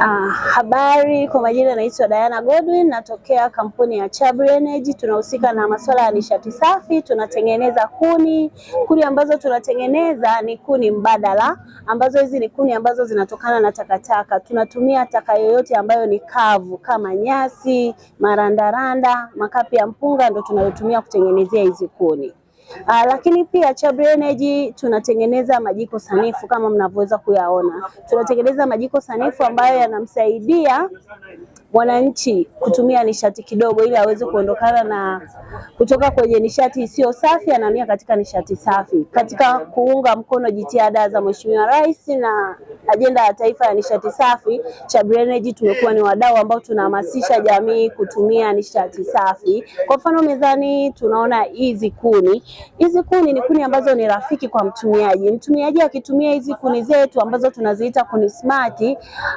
Ah, habari kwa majina, naitwa Diana Godwin, natokea kampuni ya Chabri Energy. Tunahusika na masuala ya nishati safi, tunatengeneza kuni. Kuni ambazo tunatengeneza ni kuni mbadala, ambazo hizi ni kuni ambazo zinatokana na takataka. Tunatumia taka yoyote ambayo ni kavu kama nyasi, marandaranda, makapi ya mpunga, ndo tunayotumia kutengenezea hizi kuni. Uh, lakini pia Chabre Energy tunatengeneza majiko sanifu kama mnavyoweza kuyaona. Tunatengeneza majiko sanifu ambayo yanamsaidia mwananchi kutumia nishati kidogo, ili aweze kuondokana na kutoka kwenye nishati isiyo safi, anahamia katika nishati safi. Katika kuunga mkono jitihada za Mheshimiwa Rais na ajenda ya taifa ya nishati safi, Chabri Energy tumekuwa ni wadau ambao tunahamasisha jamii kutumia nishati safi. Kwa mfano, mezani tunaona hizi kuni. Hizi kuni ni kuni ambazo ni rafiki kwa mtumiaji. Mtumiaji akitumia hizi kuni zetu ambazo tunaziita kuni smart,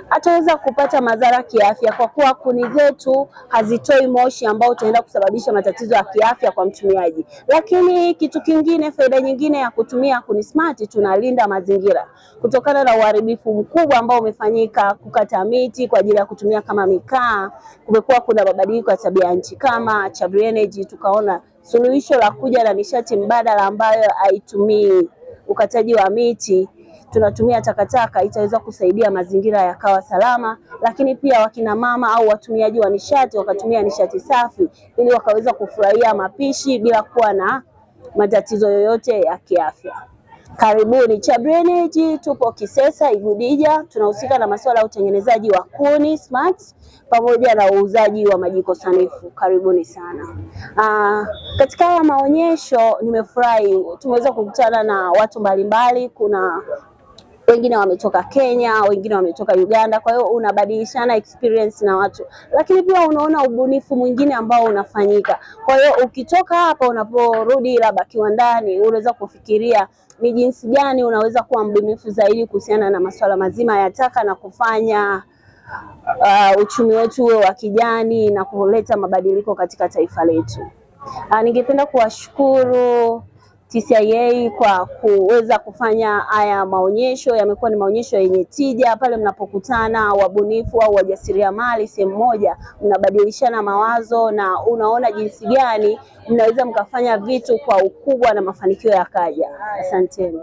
ataweza kupata madhara kiafya kwa kuwa kuwa kuni zetu hazitoi moshi ambao utaenda kusababisha matatizo ya kiafya kwa mtumiaji. Lakini kitu kingine, faida nyingine ya kutumia kuni smart, tunalinda mazingira kutokana na uharibifu mkubwa ambao umefanyika, kukata miti kwa ajili ya kutumia kama mikaa. Kumekuwa kuna mabadiliko ya tabia nchi kama Chable Energy, tukaona suluhisho la kuja na nishati mbadala ambayo haitumii ukataji wa miti tunatumia takataka itaweza kusaidia mazingira yakawa salama, lakini pia wakina mama au watumiaji wa nishati wakatumia nishati safi ili wakaweza kufurahia mapishi bila kuwa na matatizo yoyote ya kiafya. Karibuni Chabriniji, tupo Kisesa Igudija. Tunahusika na masuala ya utengenezaji wa kuni smart pamoja na uuzaji wa majiko sanifu. Karibuni sana. Aa, ah, katika haya maonyesho nimefurahi, tumeweza kukutana na watu mbalimbali. Kuna wengine wametoka Kenya, wengine wametoka Uganda. Kwa hiyo unabadilishana experience na watu, lakini pia unaona ubunifu mwingine ambao unafanyika. Kwa hiyo ukitoka hapa, unaporudi labda kiwandani, unaweza kufikiria ni jinsi gani unaweza kuwa mbunifu zaidi kuhusiana na masuala mazima ya taka na kufanya uh, uchumi wetu uwe wa kijani na kuleta mabadiliko katika taifa letu. Uh, ningependa kuwashukuru TCCIA kwa kuweza kufanya haya maonyesho. Yamekuwa ni maonyesho yenye tija, pale mnapokutana wabunifu au wajasiriamali sehemu moja, mnabadilishana mawazo na unaona jinsi gani mnaweza mkafanya vitu kwa ukubwa na mafanikio yakaja. Asanteni.